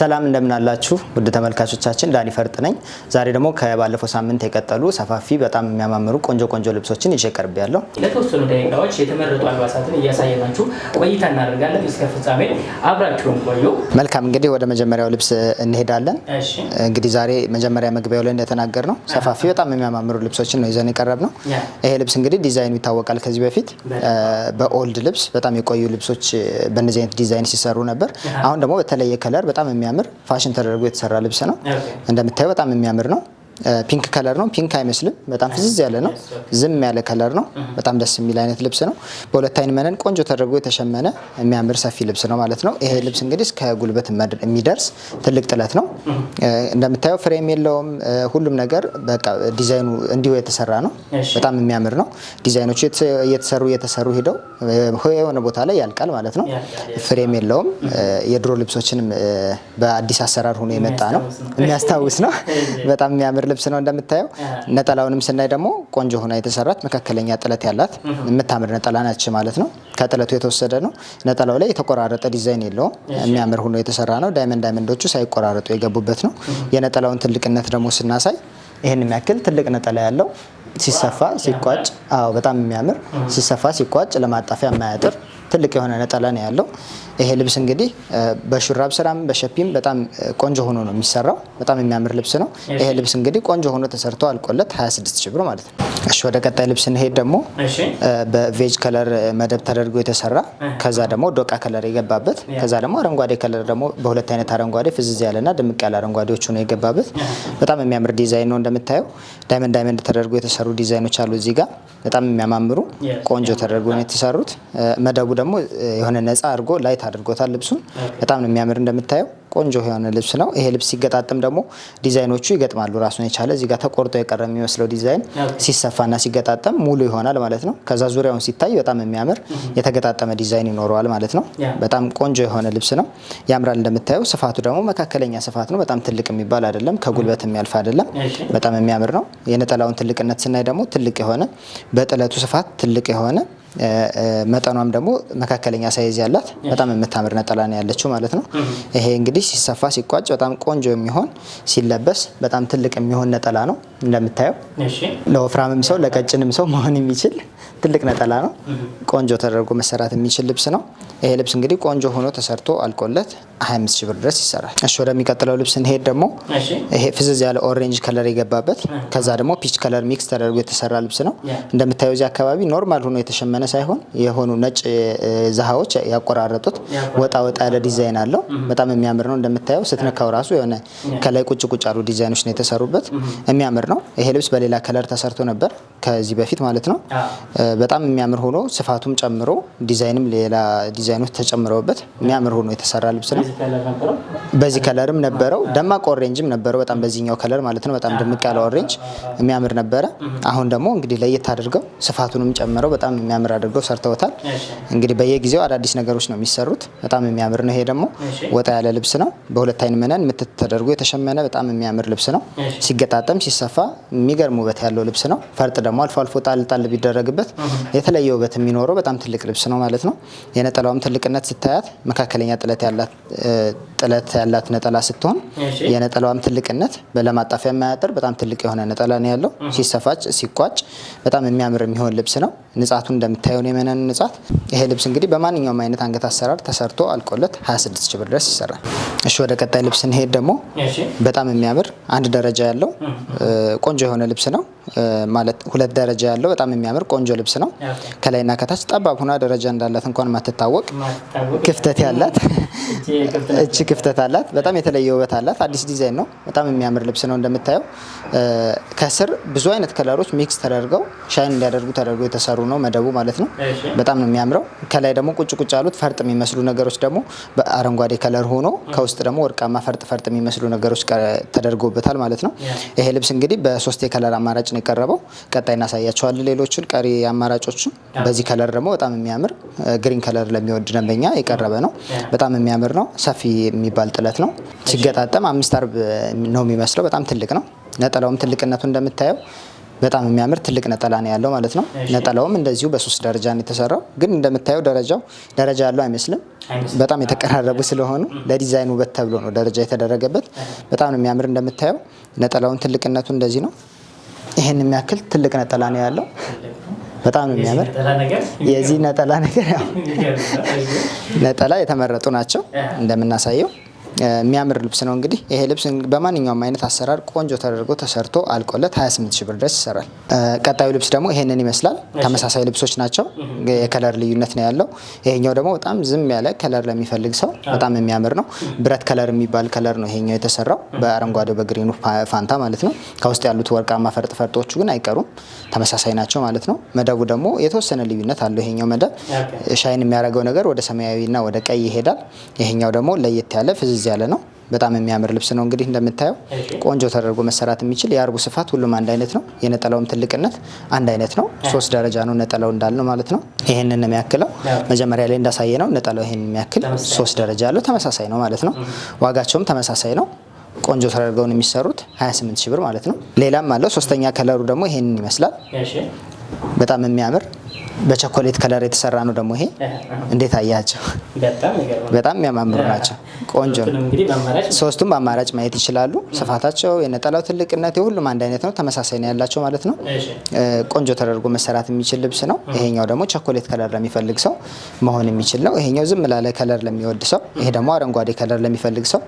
ሰላም እንደምናላችሁ ውድ ተመልካቾቻችን፣ ዳኒ ፈርጥ ነኝ። ዛሬ ደግሞ ከባለፈው ሳምንት የቀጠሉ ሰፋፊ በጣም የሚያማምሩ ቆንጆ ቆንጆ ልብሶችን ይዤ ያለው ለተወሰኑ ደቂቃዎች የተመረጡ አልባሳትን እያሳየናችሁ ቆይታ እናደርጋለን። እስከ ፍጻሜ አብራችሁን ቆዩ። መልካም እንግዲህ ወደ መጀመሪያው ልብስ እንሄዳለን። እንግዲህ ዛሬ መጀመሪያ መግቢያው ላይ እንደተናገር ነው ሰፋፊ በጣም የሚያማምሩ ልብሶችን ነው ይዘን የቀረብ ነው። ይሄ ልብስ እንግዲህ ዲዛይኑ ይታወቃል። ከዚህ በፊት በኦልድ ልብስ በጣም የቆዩ ልብሶች በእነዚህ አይነት ዲዛይን ሲሰሩ ነበር። አሁን ደግሞ በተለየ ከለር በጣም የሚያምር ፋሽን ተደርጎ የተሰራ ልብስ ነው። እንደምታየው በጣም የሚያምር ነው። ፒንክ ከለር ነው። ፒንክ አይመስልም። በጣም ፍዝዝ ያለ ነው። ዝም ያለ ከለር ነው። በጣም ደስ የሚል አይነት ልብስ ነው። በሁለት አይን መነን ቆንጆ ተደርጎ የተሸመነ የሚያምር ሰፊ ልብስ ነው ማለት ነው። ይሄ ልብስ እንግዲህ እስከ ጉልበት የሚደርስ ትልቅ ጥለት ነው። እንደምታየው ፍሬም የለውም። ሁሉም ነገር በቃ ዲዛይኑ እንዲሁ የተሰራ ነው። በጣም የሚያምር ነው። ዲዛይኖቹ እየተሰሩ እየተሰሩ ሂደው የሆነ ቦታ ላይ ያልቃል ማለት ነው። ፍሬም የለውም። የድሮ ልብሶችንም በአዲስ አሰራር ሆኖ የመጣ ነው። የሚያስታውስ ነው። በጣም የሚያምር የሚያምር ልብስ ነው እንደምታየው። ነጠላውንም ስናይ ደግሞ ቆንጆ ሆና የተሰራት መካከለኛ ጥለት ያላት የምታምር ነጠላ ናች ማለት ነው። ከጥለቱ የተወሰደ ነው። ነጠላው ላይ የተቆራረጠ ዲዛይን የለውም። የሚያምር ሆኖ የተሰራ ነው። ዳይመንድ ዳይመንዶቹ ሳይቆራረጡ የገቡበት ነው። የነጠላውን ትልቅነት ደግሞ ስናሳይ ይህን የሚያክል ትልቅ ነጠላ ያለው ሲሰፋ ሲቋጭ፣ አዎ በጣም የሚያምር ሲሰፋ ሲቋጭ፣ ለማጣፊያ የማያጥር ትልቅ የሆነ ነጠላ ነው ያለው። ይሄ ልብስ እንግዲህ በሹራብ ስራም በሸፒም በጣም ቆንጆ ሆኖ ነው የሚሰራው። በጣም የሚያምር ልብስ ነው። ይሄ ልብስ እንግዲህ ቆንጆ ሆኖ ተሰርቶ አልቆለት 26 ሺ ብር ማለት ነው። እሺ ወደ ቀጣይ ልብስ እንሄድ። ደግሞ በቬጅ ከለር መደብ ተደርጎ የተሰራ ከዛ ደግሞ ዶቃ ከለር የገባበት ከዛ ደግሞ አረንጓዴ ከለር ደግሞ በሁለት አይነት አረንጓዴ ፍዝዝ ያለና ድምቅ ያለ አረንጓዴዎቹ ነው የገባበት። በጣም የሚያምር ዲዛይን ነው እንደምታየው። ዳይመንድ ዳይመንድ ተደርጎ የተሰሩ ዲዛይኖች አሉ እዚህ ጋር በጣም የሚያማምሩ ቆንጆ ተደርጎ ነው የተሰሩት። መደቡ ደግሞ የሆነ ነፃ አድርጎ ላይት አድርጎታል ልብሱን በጣም ነው የሚያምር እንደምታየው ቆንጆ የሆነ ልብስ ነው። ይሄ ልብስ ሲገጣጠም ደግሞ ዲዛይኖቹ ይገጥማሉ ራሱን የቻለ እዚህ ጋር ተቆርጦ የቀረ የሚመስለው ዲዛይን ሲሰፋና ሲገጣጠም ሙሉ ይሆናል ማለት ነው። ከዛ ዙሪያውን ሲታይ በጣም የሚያምር የተገጣጠመ ዲዛይን ይኖረዋል ማለት ነው። በጣም ቆንጆ የሆነ ልብስ ነው። ያምራል። እንደምታየው ስፋቱ ደግሞ መካከለኛ ስፋት ነው። በጣም ትልቅ የሚባል አይደለም፣ ከጉልበት የሚያልፍ አይደለም። በጣም የሚያምር ነው። የነጠላውን ትልቅነት ስናይ ደግሞ ትልቅ የሆነ በጥለቱ ስፋት ትልቅ የሆነ መጠኗም ደግሞ መካከለኛ ሳይዝ ያላት በጣም የምታምር ነጠላ ነው ያለችው ማለት ነው። ይሄ እንግዲህ ሲሰፋ ሲቋጭ በጣም ቆንጆ የሚሆን ሲለበስ በጣም ትልቅ የሚሆን ነጠላ ነው እንደምታየው። ለወፍራምም ሰው ለቀጭንም ሰው መሆን የሚችል ትልቅ ነጠላ ነው። ቆንጆ ተደርጎ መሰራት የሚችል ልብስ ነው። ይሄ ልብስ እንግዲህ ቆንጆ ሆኖ ተሰርቶ አልቆለት 25 ሺህ ብር ድረስ ይሰራል። እሺ ወደሚቀጥለው ልብስ እንሄድ። ደግሞ ይሄ ፍዝዝ ያለ ኦሬንጅ ከለር የገባበት ከዛ ደግሞ ፒች ከለር ሚክስ ተደርጎ የተሰራ ልብስ ነው። እንደምታየው እዚህ አካባቢ ኖርማል ሆኖ የተሸመነ ሳይሆን የሆኑ ነጭ ዛሃዎች ያቆራረጡት ወጣ ወጣ ያለ ዲዛይን አለው። በጣም የሚያምር ነው። እንደምታየው ስትነካው ራሱ የሆነ ከላይ ቁጭ ቁጭ ያሉ ዲዛይኖች ነው የተሰሩበት። የሚያምር ነው። ይሄ ልብስ በሌላ ከለር ተሰርቶ ነበር ከዚህ በፊት ማለት ነው። በጣም የሚያምር ሆኖ ስፋቱም ጨምሮ ዲዛይንም ሌላ ዲዛይኖች ተጨምረውበት የሚያምር ሆኖ የተሰራ ልብስ ነው። በዚህ ከለርም ነበረው። ደማቅ ኦሬንጅም ነበረው። በጣም በዚህኛው ከለር ማለት ነው። በጣም ድምቅ ያለ ኦሬንጅ የሚያምር ነበረ። አሁን ደግሞ እንግዲህ ለየት አድርገው ስፋቱንም ጨምረው በጣም የሚያምር አድርገው ሰርተውታል። እንግዲህ በየጊዜው አዳዲስ ነገሮች ነው የሚሰሩት። በጣም የሚያምር ነው። ይሄ ደግሞ ወጣ ያለ ልብስ ነው። በሁለት አይን መነን ምትት ተደርጎ የተሸመነ በጣም የሚያምር ልብስ ነው። ሲገጣጠም ሲሰፋ የሚገርም ውበት ያለው ልብስ ነው። ፈርጥ ደግሞ አልፎ አልፎ ጣል ጣል ቢደረግበት የተለየ ውበት የሚኖረው በጣም ትልቅ ልብስ ነው ማለት ነው። የነጠላውም ትልቅነት ስታያት መካከለኛ ጥለት ያላት ጥለት ያላት ነጠላ ስትሆን የነጠላዋም ትልቅነት ለማጣፊያ የማያጥር በጣም ትልቅ የሆነ ነጠላ ነው ያለው። ሲሰፋጭ ሲቋጭ በጣም የሚያምር የሚሆን ልብስ ነው። ንጻቱ እንደምታየው የመነን ንጻት። ይሄ ልብስ እንግዲህ በማንኛውም አይነት አንገት አሰራር ተሰርቶ አልቆለት 26 ሺህ ብር ድረስ ይሰራል። እሺ ወደ ቀጣይ ልብስ እንሄድ። ደግሞ በጣም የሚያምር አንድ ደረጃ ያለው ቆንጆ የሆነ ልብስ ነው ማለት ሁለት ደረጃ ያለው በጣም የሚያምር ቆንጆ ልብስ ነው። ከላይና ከታች ጠባብ ሆና ደረጃ እንዳላት እንኳን ማትታወቅ ክፍተት ያላት እቺ ክፍተት አላት። በጣም የተለየ ውበት አላት። አዲስ ዲዛይን ነው። በጣም የሚያምር ልብስ ነው እንደምታየው። ከስር ብዙ አይነት ከለሮች ሚክስ ተደርገው ሻይን እንዲያደርጉ ተደርገው የተሰሩ ነው መደቡ ማለት ነው። በጣም ነው የሚያምረው። ከላይ ደግሞ ቁጭ ቁጭ ያሉት ፈርጥ የሚመስሉ ነገሮች ደግሞ በአረንጓዴ ከለር ሆኖ ከውስጥ ደግሞ ወርቃማ ፈርጥ ፈርጥ የሚመስሉ ነገሮች ተደርገውበታል ማለት ነው። ይሄ ልብስ እንግዲህ በሶስት የከለር አማራጭ ነው የቀረበው። ቀጣይ እናሳያቸዋለን ሌሎቹን ቀሪ አማራጮችን። በዚህ ከለር ደግሞ በጣም የሚያምር ግሪን ከለር ለሚወድ ደንበኛ የቀረበ ነው። በጣም የሚያምር ነው። ሰፊ የሚባል ጥለት ነው። ሲገጣጠም አምስት አርብ ነው የሚመስለው። በጣም ትልቅ ነው። ነጠላውም ትልቅነቱ እንደምታየው በጣም የሚያምር ትልቅ ነጠላ ነው ያለው ማለት ነው። ነጠላውም እንደዚሁ በሶስት ደረጃ ነው የተሰራው። ግን እንደምታየው ደረጃው ደረጃ ያለው አይመስልም። በጣም የተቀራረቡ ስለሆኑ ለዲዛይን ውበት ተብሎ ነው ደረጃ የተደረገበት። በጣም ነው የሚያምር። እንደምታየው ነጠላውን ትልቅነቱ እንደዚህ ነው። ይህን የሚያክል ትልቅ ነጠላ ነው ያለው። በጣም ነው የሚያምር። የዚህ ነጠላ ነገር ያው ነጠላ የተመረጡ ናቸው እንደምናሳየው የሚያምር ልብስ ነው። እንግዲህ ይሄ ልብስ በማንኛውም አይነት አሰራር ቆንጆ ተደርጎ ተሰርቶ አልቆለት 28 ሺህ ብር ድረስ ይሰራል። ቀጣዩ ልብስ ደግሞ ይሄንን ይመስላል። ተመሳሳይ ልብሶች ናቸው፣ የከለር ልዩነት ነው ያለው። ይሄኛው ደግሞ በጣም ዝም ያለ ከለር ለሚፈልግ ሰው በጣም የሚያምር ነው። ብረት ከለር የሚባል ከለር ነው ይሄኛው የተሰራው በአረንጓዴው በግሪኑ ፋንታ ማለት ነው። ከውስጥ ያሉት ወርቃማ ፈርጥ ፈርጦቹ ግን አይቀሩም፣ ተመሳሳይ ናቸው ማለት ነው። መደቡ ደግሞ የተወሰነ ልዩነት አለው። ይሄኛው መደብ ሻይን የሚያደርገው ነገር ወደ ሰማያዊና ወደ ቀይ ይሄዳል። ይሄኛው ደግሞ ለየት ያለ ፍዝዝ ፍዝዝ ያለ ነው። በጣም የሚያምር ልብስ ነው። እንግዲህ እንደምታየው ቆንጆ ተደርጎ መሰራት የሚችል የአርቡ ስፋት ሁሉም አንድ አይነት ነው። የነጠላውም ትልቅነት አንድ አይነት ነው። ሶስት ደረጃ ነው ነጠላው እንዳል ነው ማለት ነው። ይህንን የሚያክለው። መጀመሪያ ላይ እንዳሳየ ነው ነጠላው ይህን የሚያክል ሶስት ደረጃ ያለው ተመሳሳይ ነው ማለት ነው። ዋጋቸውም ተመሳሳይ ነው። ቆንጆ ተደርገውን የሚሰሩት 28 ሺ ብር ማለት ነው። ሌላም አለው። ሶስተኛ ከለሩ ደግሞ ይሄንን ይመስላል። በጣም የሚያምር በቸኮሌት ከለር የተሰራ ነው። ደግሞ ይሄ እንዴት አያቸው? በጣም የሚያማምሩ ናቸው። ቆንጆ ነው። ሶስቱም በአማራጭ ማየት ይችላሉ። ስፋታቸው፣ የነጠላው ትልቅነት የሁሉም አንድ አይነት ነው። ተመሳሳይ ነው ያላቸው ማለት ነው። ቆንጆ ተደርጎ መሰራት የሚችል ልብስ ነው። ይሄኛው ደግሞ ቸኮሌት ከለር ለሚፈልግ ሰው መሆን የሚችል ነው። ይሄኛው ዝም ላለ ከለር ለሚወድ ሰው፣ ይሄ ደግሞ አረንጓዴ ከለር ለሚፈልግ ሰው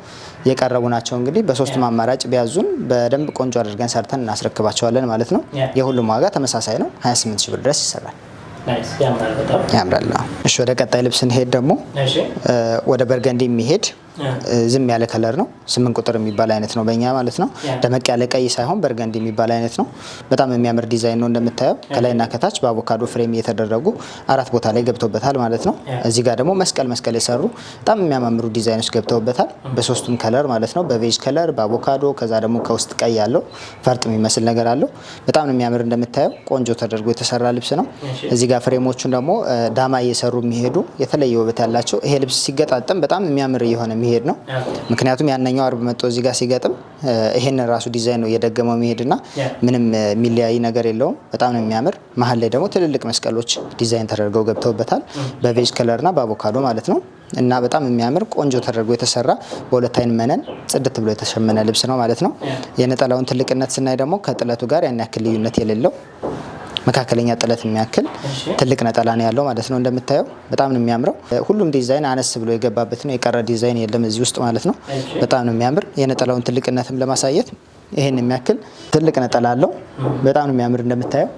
የቀረቡ ናቸው። እንግዲህ በሶስቱም አማራጭ ቢያዙን በደንብ ቆንጆ አድርገን ሰርተን እናስረክባቸዋለን ማለት ነው። የሁሉም ዋጋ ተመሳሳይ ነው። 28 ሺ ብር ድረስ ይሰራል። ያምራል። እሺ ወደ ቀጣይ ልብስ እንሄድ ደግሞ ወደ በርገንዲ የሚሄድ ዝም ያለ ከለር ነው። ስምንት ቁጥር የሚባል አይነት ነው በእኛ ማለት ነው። ደመቅ ያለ ቀይ ሳይሆን በርገንድ የሚባል አይነት ነው። በጣም የሚያምር ዲዛይን ነው እንደምታየው። ከላይና ከታች በአቮካዶ ፍሬም እየተደረጉ አራት ቦታ ላይ ገብቶበታል ማለት ነው። እዚህ ጋር ደግሞ መስቀል መስቀል የሰሩ በጣም የሚያማምሩ ዲዛይኖች ገብተውበታል። በሶስቱም ከለር ማለት ነው። በቬጅ ከለር፣ በአቮካዶ ከዛ ደግሞ ከውስጥ ቀይ ያለው ፈርጥ የሚመስል ነገር አለው። በጣም ነው የሚያምር እንደምታየው። ቆንጆ ተደርጎ የተሰራ ልብስ ነው። እዚህ ጋር ፍሬሞቹን ደግሞ ዳማ እየሰሩ የሚሄዱ የተለየ ውበት ያላቸው ይሄ ልብስ ሲገጣጠም በጣም የሚያምር የሆነ የሚሄድ ነው። ምክንያቱም ያነኛው አርብ መጥቶ እዚህ ጋር ሲገጥም ይሄንን ራሱ ዲዛይን ነው እየደገመው እና ምንም የሚለያይ ነገር የለውም። በጣም ነው የሚያምር። መሀል ላይ ደግሞ ትልልቅ መስቀሎች ዲዛይን ተደርገው ገብተውበታል በቬጅ ከለርና በአቮካዶ ማለት ነው እና በጣም የሚያምር ቆንጆ ተደርጎ የተሰራ በሁለት አይን መነን ጽድት ብሎ የተሸመነ ልብስ ነው ማለት ነው። የነጠላውን ትልቅነት ስናይ ደግሞ ከጥለቱ ጋር ያን ያክል ልዩነት የሌለው መካከለኛ ጥለት የሚያክል ትልቅ ነጠላ ነው ያለው ማለት ነው። እንደምታየው በጣም ነው የሚያምረው። ሁሉም ዲዛይን አነስ ብሎ የገባበት ነው። የቀረ ዲዛይን የለም እዚህ ውስጥ ማለት ነው። በጣም ነው የሚያምር። የነጠላውን ትልቅነትም ለማሳየት ይህን የሚያክል ትልቅ ነጠላ አለው። በጣም ነው የሚያምር። እንደምታየው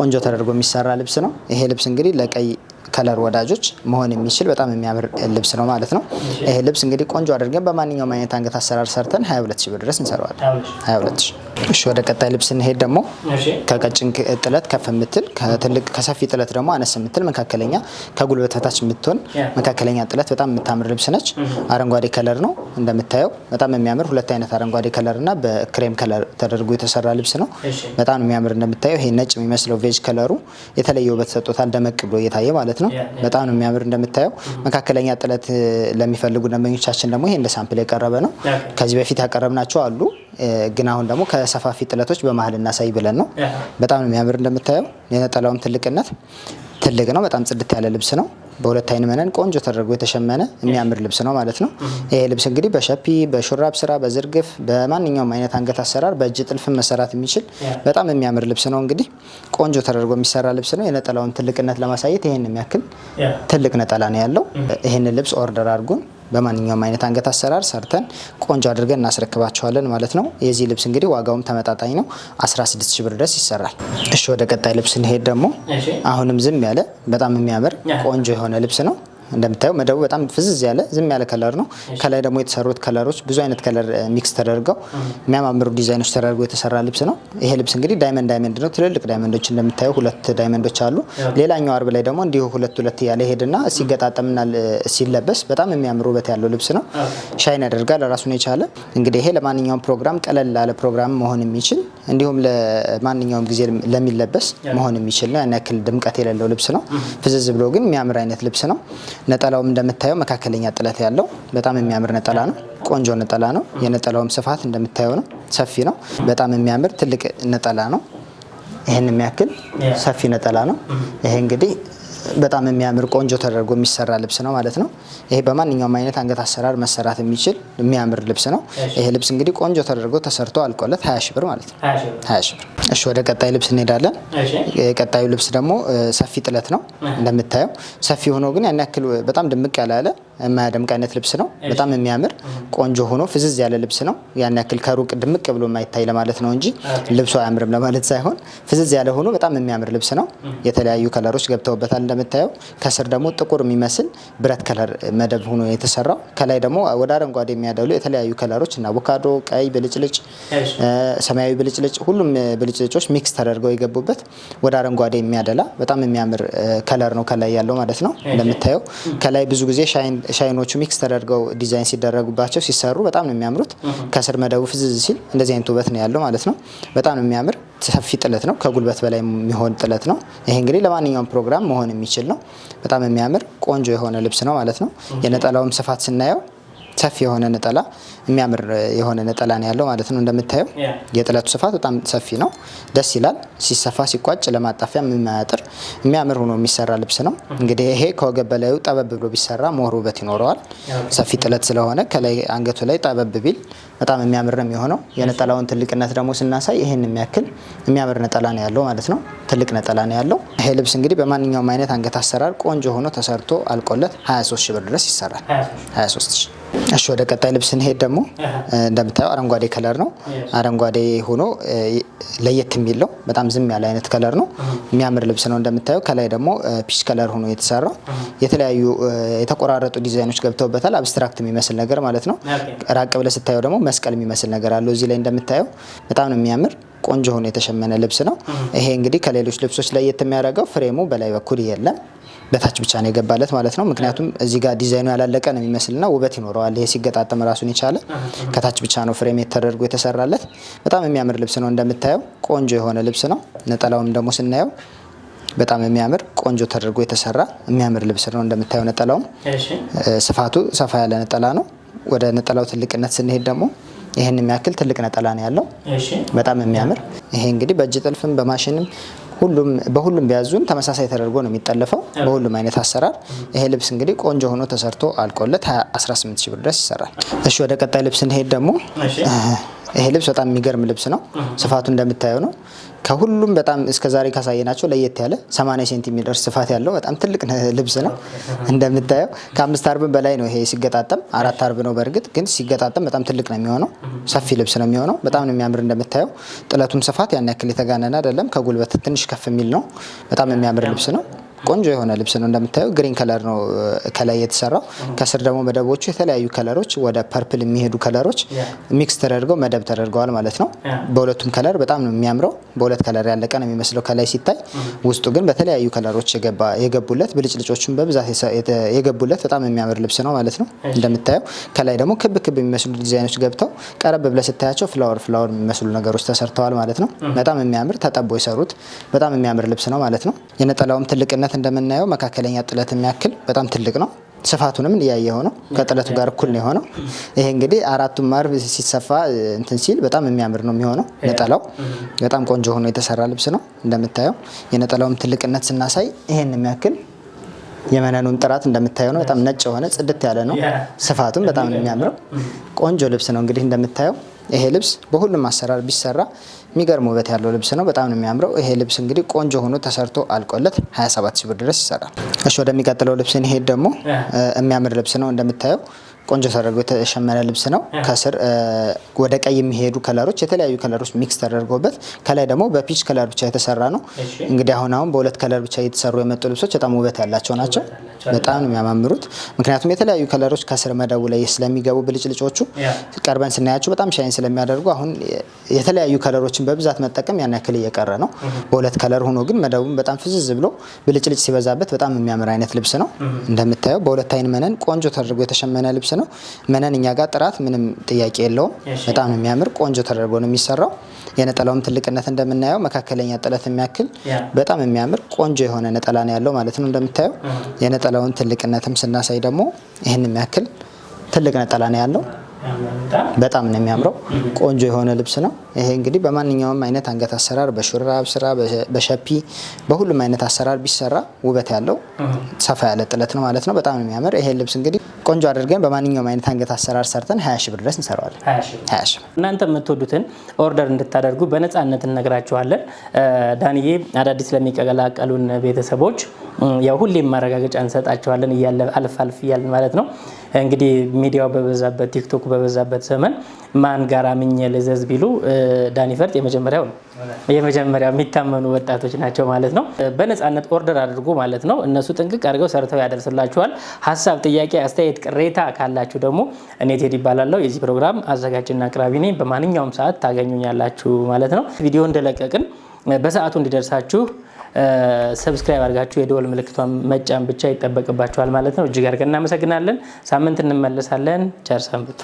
ቆንጆ ተደርጎ የሚሰራ ልብስ ነው። ይሄ ልብስ እንግዲህ ለቀይ ከለር ወዳጆች መሆን የሚችል በጣም የሚያምር ልብስ ነው ማለት ነው። ይሄ ልብስ እንግዲህ ቆንጆ አድርገን በማንኛውም አይነት አንገት አሰራር ሰርተን 22 ሺ ብር ድረስ እንሰራዋለን። 22 ሺ። እሺ፣ ወደ ቀጣይ ልብስ ስንሄድ ደግሞ ከቀጭን ጥለት ከፍ የምትል ከትልቅ ከሰፊ ጥለት ደግሞ አነስ የምትል መካከለኛ፣ ከጉልበት በታች የምትሆን መካከለኛ ጥለት በጣም የምታምር ልብስ ነች። አረንጓዴ ከለር ነው እንደምታየው፣ በጣም የሚያምር ሁለት አይነት አረንጓዴ ከለር እና በክሬም ከለር ተደርጎ የተሰራ ልብስ ነው። በጣም የሚያምር እንደምታየው፣ ይሄ ነጭ የሚመስለው ቬጅ ከለሩ የተለየ ውበት ሰጥቶታል፣ ደመቅ ብሎ እየታየ ማለት ነው። በጣም የሚያምር እንደምታየው። መካከለኛ ጥለት ለሚፈልጉ ደንበኞቻችን ደግሞ ይሄ እንደ ሳምፕል የቀረበ ነው። ከዚህ በፊት ያቀረብናቸው አሉ ግን አሁን ደግሞ ከሰፋፊ ጥለቶች በመሀል እናሳይ ብለን ነው። በጣም ነው የሚያምር እንደምታየው። የነጠላውም ትልቅነት ትልቅ ነው። በጣም ጽድት ያለ ልብስ ነው። በሁለት አይን መነን ቆንጆ ተደርጎ የተሸመነ የሚያምር ልብስ ነው ማለት ነው። ይሄ ልብስ እንግዲህ በሸፒ በሹራብ ስራ፣ በዝርግፍ፣ በማንኛውም አይነት አንገት አሰራር በእጅ ጥልፍ መሰራት የሚችል በጣም የሚያምር ልብስ ነው። እንግዲህ ቆንጆ ተደርጎ የሚሰራ ልብስ ነው። የነጠላውን ትልቅነት ለማሳየት ይህን የሚያክል ትልቅ ነጠላ ነው ያለው። ይህን ልብስ ኦርደር አድርጉን። በማንኛውም አይነት አንገት አሰራር ሰርተን ቆንጆ አድርገን እናስረክባቸዋለን ማለት ነው። የዚህ ልብስ እንግዲህ ዋጋውም ተመጣጣኝ ነው፣ 16 ሺ ብር ድረስ ይሰራል። እሺ ወደ ቀጣይ ልብስ እንሄድ ደግሞ አሁንም ዝም ያለ በጣም የሚያምር ቆንጆ የሆነ ልብስ ነው። እንደምታየው መደቡ በጣም ፍዝዝ ያለ ዝም ያለ ከለር ነው። ከላይ ደግሞ የተሰሩት ከለሮች ብዙ አይነት ከለር ሚክስ ተደርገው የሚያማምሩ ዲዛይኖች ተደርጎ የተሰራ ልብስ ነው። ይሄ ልብስ እንግዲህ ዳይመንድ ዳይመንድ ነው። ትልልቅ ዳይመንዶች እንደምታየው ሁለት ዳይመንዶች አሉ። ሌላኛው አርብ ላይ ደግሞ እንዲሁ ሁለት ሁለት እያለ ሄድና ሲገጣጠምና ሲለበስ በጣም የሚያምር ውበት ያለው ልብስ ነው። ሻይን ያደርጋል ራሱን የቻለ እንግዲህ ይሄ ለማንኛውም ፕሮግራም ቀለል ላለ ፕሮግራም መሆን የሚችል እንዲሁም ለማንኛውም ጊዜ ለሚለበስ መሆን የሚችል ነው። ያን ያክል ድምቀት የሌለው ልብስ ነው። ፍዝዝ ብሎ ግን የሚያምር አይነት ልብስ ነው። ነጠላውም እንደምታየው መካከለኛ ጥለት ያለው በጣም የሚያምር ነጠላ ነው። ቆንጆ ነጠላ ነው። የነጠላውም ስፋት እንደምታየው ነው፣ ሰፊ ነው። በጣም የሚያምር ትልቅ ነጠላ ነው። ይህን የሚያክል ሰፊ ነጠላ ነው። ይሄ እንግዲህ በጣም የሚያምር ቆንጆ ተደርጎ የሚሰራ ልብስ ነው ማለት ነው። ይሄ በማንኛውም አይነት አንገት አሰራር መሰራት የሚችል የሚያምር ልብስ ነው። ይሄ ልብስ እንግዲህ ቆንጆ ተደርጎ ተሰርቶ አልቆለት ሀያ ሺ ብር ማለት ነው። ሀያ ሺ ብር። እሺ ወደ ቀጣይ ልብስ እንሄዳለን። ቀጣዩ ልብስ ደግሞ ሰፊ ጥለት ነው እንደምታየው ሰፊ ሆኖ ግን ያን ያክል በጣም ድምቅ ያላለ የማያደምቅ ልብስ ነው። በጣም የሚያምር ቆንጆ ሆኖ ፍዝዝ ያለ ልብስ ነው። ያን ያክል ከሩቅ ድምቅ ብሎ የማይታይ ለማለት ነው እንጂ ልብሱ አያምርም ለማለት ሳይሆን ፍዝዝ ያለ ሆኖ በጣም የሚያምር ልብስ ነው። የተለያዩ ከለሮች ገብተውበታል እንደምታየው። ከስር ደግሞ ጥቁር የሚመስል ብረት ከለር መደብ ሆኖ የተሰራው ከላይ ደግሞ ወደ አረንጓዴ የሚያደሉ የተለያዩ ከለሮች እና አቮካዶ፣ ቀይ ብልጭልጭ፣ ሰማያዊ ብልጭልጭ፣ ሁሉም ብልጭልጮች ሚክስ ተደርገው የገቡበት ወደ አረንጓዴ የሚያደላ በጣም የሚያምር ከለር ነው ከላይ ያለው ማለት ነው። እንደምታየው ከላይ ብዙ ጊዜ ሻይን ሻይኖቹ ሚክስ ተደርገው ዲዛይን ሲደረጉባቸው ሲሰሩ በጣም ነው የሚያምሩት። ከስር መደቡ ፍዝዝ ሲል እንደዚህ አይነት ውበት ነው ያለው ማለት ነው። በጣም ነው የሚያምር ሰፊ ጥለት ነው። ከጉልበት በላይ የሚሆን ጥለት ነው። ይሄ እንግዲህ ለማንኛውም ፕሮግራም መሆን የሚችል ነው። በጣም የሚያምር ቆንጆ የሆነ ልብስ ነው ማለት ነው። የነጠላውም ስፋት ስናየው ሰፊ የሆነ ነጠላ የሚያምር የሆነ ነጠላ ነው ያለው ማለት ነው። እንደምታየው የጥለቱ ስፋት በጣም ሰፊ ነው፣ ደስ ይላል። ሲሰፋ ሲቋጭ ለማጣፊያ የሚያጥር የሚያምር ሆኖ የሚሰራ ልብስ ነው። እንግዲህ ይሄ ከወገብ በላዩ ጠበብ ብሎ ቢሰራ ሞር ውበት ይኖረዋል። ሰፊ ጥለት ስለሆነ ከላይ አንገቱ ላይ ጠበብ ቢል በጣም የሚያምር ነው የሚሆነው። የነጠላውን ትልቅነት ደግሞ ስናሳይ ይህን የሚያክል የሚያምር ነጠላ ነው ያለው ማለት ነው። ትልቅ ነጠላ ነው ያለው ይሄ ልብስ እንግዲህ በማንኛውም አይነት አንገት አሰራር ቆንጆ ሆኖ ተሰርቶ አልቆለት 23 ሺ ብር ድረስ ይሰራል። 23 ሺ እሺ ወደ ቀጣይ ልብስ ስንሄድ ደግሞ እንደምታየው አረንጓዴ ከለር ነው። አረንጓዴ ሆኖ ለየት የሚል ነው። በጣም ዝም ያለ አይነት ከለር ነው። የሚያምር ልብስ ነው እንደምታየው። ከላይ ደግሞ ፒች ከለር ሆኖ የተሰራ የተለያዩ የተቆራረጡ ዲዛይኖች ገብተውበታል። አብስትራክት የሚመስል ነገር ማለት ነው። ራቅ ብለህ ስታየው ደግሞ መስቀል የሚመስል ነገር አለው እዚህ ላይ እንደምታየው። በጣም ነው የሚያምር ቆንጆ ሆኖ የተሸመነ ልብስ ነው። ይሄ እንግዲህ ከሌሎች ልብሶች ለየት የሚያደርገው ፍሬሙ በላይ በኩል የለም። በታች ብቻ ነው የገባለት ማለት ነው። ምክንያቱም እዚህ ጋር ዲዛይኑ ያላለቀ ነው የሚመስልና ውበት ይኖረዋል። ይሄ ሲገጣጠም ራሱን የቻለ ከታች ብቻ ነው ፍሬም ተደርጎ የተሰራለት። በጣም የሚያምር ልብስ ነው እንደምታየው፣ ቆንጆ የሆነ ልብስ ነው። ነጠላውም ደግሞ ስናየው በጣም የሚያምር ቆንጆ ተደርጎ የተሰራ የሚያምር ልብስ ነው እንደምታየው። ነጠላውም ስፋቱ ሰፋ ያለ ነጠላ ነው። ወደ ነጠላው ትልቅነት ስንሄድ ደግሞ ይህን የሚያክል ትልቅ ነጠላ ነው ያለው። በጣም የሚያምር ይሄ እንግዲህ በእጅ ጥልፍም በማሽንም ሁሉም በሁሉም ቢያዙም ተመሳሳይ ተደርጎ ነው የሚጠለፈው በሁሉም አይነት አሰራር። ይሄ ልብስ እንግዲህ ቆንጆ ሆኖ ተሰርቶ አልቆለት 18 ሺ ብር ድረስ ይሰራል። እሺ ወደ ቀጣይ ልብስ እንሄድ ደግሞ ይሄ ልብስ በጣም የሚገርም ልብስ ነው። ስፋቱ እንደምታየው ነው። ከሁሉም በጣም እስከ ዛሬ ካሳየናቸው ለየት ያለ 80 ሴንቲ ስፋት ያለው በጣም ትልቅ ልብስ ነው። እንደምታየው ከአምስት አርብ በላይ ነው ይሄ ሲገጣጠም፣ አራት አርብ ነው በእርግጥ ግን ሲገጣጠም በጣም ትልቅ ነው የሚሆነው። ሰፊ ልብስ ነው የሚሆነው። በጣም ነው የሚያምር። እንደምታየው ጥለቱም ስፋት ያን ያክል የተጋነነ አይደለም። ከጉልበት ትንሽ ከፍ የሚል ነው። በጣም የሚያምር ልብስ ነው። ቆንጆ የሆነ ልብስ ነው እንደምታየው፣ ግሪን ከለር ነው ከላይ የተሰራው። ከስር ደግሞ መደቦቹ የተለያዩ ከለሮች ወደ ፐርፕል የሚሄዱ ከለሮች ሚክስ ተደርገው መደብ ተደርገዋል ማለት ነው። በሁለቱም ከለር በጣም ነው የሚያምረው። በሁለት ከለር ያለቀ ነው የሚመስለው ከላይ ሲታይ፣ ውስጡ ግን በተለያዩ ከለሮች የገቡለት ብልጭልጮቹን በብዛት የገቡለት በጣም የሚያምር ልብስ ነው ማለት ነው። እንደምታየው ከላይ ደግሞ ክብ ክብ የሚመስሉ ዲዛይኖች ገብተው ቀረብ ብለህ ስታያቸው ፍላወር ፍላወር የሚመስሉ ነገሮች ተሰርተዋል ማለት ነው። በጣም የሚያምር ተጠቦ የሰሩት በጣም የሚያምር ልብስ ነው ማለት ነው። የነጠላውም ትልቅነት እንደምናየው መካከለኛ ጥለት የሚያክል በጣም ትልቅ ነው። ስፋቱንም እያየ ሆነው ከጥለቱ ጋር እኩል ነው የሆነው። ይሄ እንግዲህ አራቱን መርብ ሲሰፋ እንትን ሲል በጣም የሚያምር ነው የሚሆነው። ነጠላው በጣም ቆንጆ ሆኖ የተሰራ ልብስ ነው እንደምታየው። የነጠላውም ትልቅነት ስናሳይ ይሄን የሚያክል የመነኑን ጥራት እንደምታየው ነው። በጣም ነጭ የሆነ ጽድት ያለ ነው። ስፋቱም በጣም የሚያምረው ቆንጆ ልብስ ነው እንግዲህ እንደምታየው ይሄ ልብስ በሁሉም አሰራር ቢሰራ የሚገርም ውበት ያለው ልብስ ነው። በጣም ነው የሚያምረው። ይሄ ልብስ እንግዲህ ቆንጆ ሆኖ ተሰርቶ አልቆለት 27 ሺ ብር ድረስ ይሰራል። እሺ፣ ወደሚቀጥለው ልብስ እንሄድ። ደግሞ የሚያምር ልብስ ነው እንደምታየው ቆንጆ ተደርጎ የተሸመነ ልብስ ነው። ከስር ወደ ቀይ የሚሄዱ ከለሮች የተለያዩ ከለሮች ሚክስ ተደርገውበት ከላይ ደግሞ በፒች ከለር ብቻ የተሰራ ነው። እንግዲህ አሁን አሁን በሁለት ከለር ብቻ እየተሰሩ የመጡ ልብሶች በጣም ውበት ያላቸው ናቸው። በጣም ነው የሚያማምሩት። ምክንያቱም የተለያዩ ከለሮች ከስር መደቡ ላይ ስለሚገቡ ብልጭልጮቹ ቀርበን ስናያቸው በጣም ሻይን ስለሚያደርጉ አሁን የተለያዩ ከለሮችን በብዛት መጠቀም ያን ያክል እየቀረ ነው። በሁለት ከለር ሆኖ ግን መደቡን በጣም ፍዝዝ ብሎ ብልጭልጭ ሲበዛበት በጣም የሚያምር አይነት ልብስ ነው። እንደምታየው በሁለት አይን መነን ቆንጆ ተደርጎ የተሸመነ ልብስ ነው። መነን እኛ ጋር ጥራት ምንም ጥያቄ የለውም። በጣም የሚያምር ቆንጆ ተደርጎ ነው የሚሰራው። የነጠላውም ትልቅነት እንደምናየው መካከለኛ ጥለት የሚያክል በጣም የሚያምር ቆንጆ የሆነ ነጠላ ነው ያለው ማለት ነው። እንደምታየው የነጠላውን ትልቅነትም ስናሳይ ደግሞ ይህን የሚያክል ትልቅ ነጠላ ነው ያለው። በጣም ነው የሚያምረው። ቆንጆ የሆነ ልብስ ነው ይሄ። እንግዲህ በማንኛውም አይነት አንገት አሰራር፣ በሹራብ ስራ፣ በሸፒ በሁሉም አይነት አሰራር ቢሰራ ውበት ያለው ሰፋ ያለ ጥለት ነው ማለት ነው። በጣም ነው የሚያምር ይሄ ልብስ እንግዲህ ቆንጆ አድርገን በማንኛውም አይነት አንገት አሰራር ሰርተን ሀያ ሺህ ብር ድረስ እንሰራዋለን። ሀያ ሺህ እናንተ የምትወዱትን ኦርደር እንድታደርጉ በነፃነት እነግራችኋለን። ዳንዬ አዳዲስ ለሚቀላቀሉን ቤተሰቦች ያው ሁሌም ማረጋገጫ እንሰጣቸዋለን እያለ አልፍ አልፍ እያለን ማለት ነው እንግዲህ ሚዲያው በበዛበት ቲክቶክ በበዛበት ዘመን ማን ጋር አምኜ ልዘዝ ቢሉ ዳኒ ፈርጥ የመጀመሪያው ነው። የመጀመሪያው የሚታመኑ ወጣቶች ናቸው ማለት ነው። በነፃነት ኦርደር አድርጎ ማለት ነው። እነሱ ጥንቅቅ አድርገው ሰርተው ያደርስላችኋል። ሀሳብ፣ ጥያቄ፣ አስተያየት፣ ቅሬታ ካላችሁ ደግሞ እኔ ቴዲ ይባላለሁ። የዚህ ፕሮግራም አዘጋጅና አቅራቢ ነኝ። በማንኛውም ሰዓት ታገኙኛላችሁ ማለት ነው። ቪዲዮ እንደለቀቅን በሰዓቱ እንዲደርሳችሁ ሰብስክራይብ አድርጋችሁ የደወል ምልክቷን መጫን ብቻ ይጠበቅባችኋል ማለት ነው። እጅግ አድርገን እናመሰግናለን። ሳምንት እንመለሳለን። ቸር ሰንብቱ።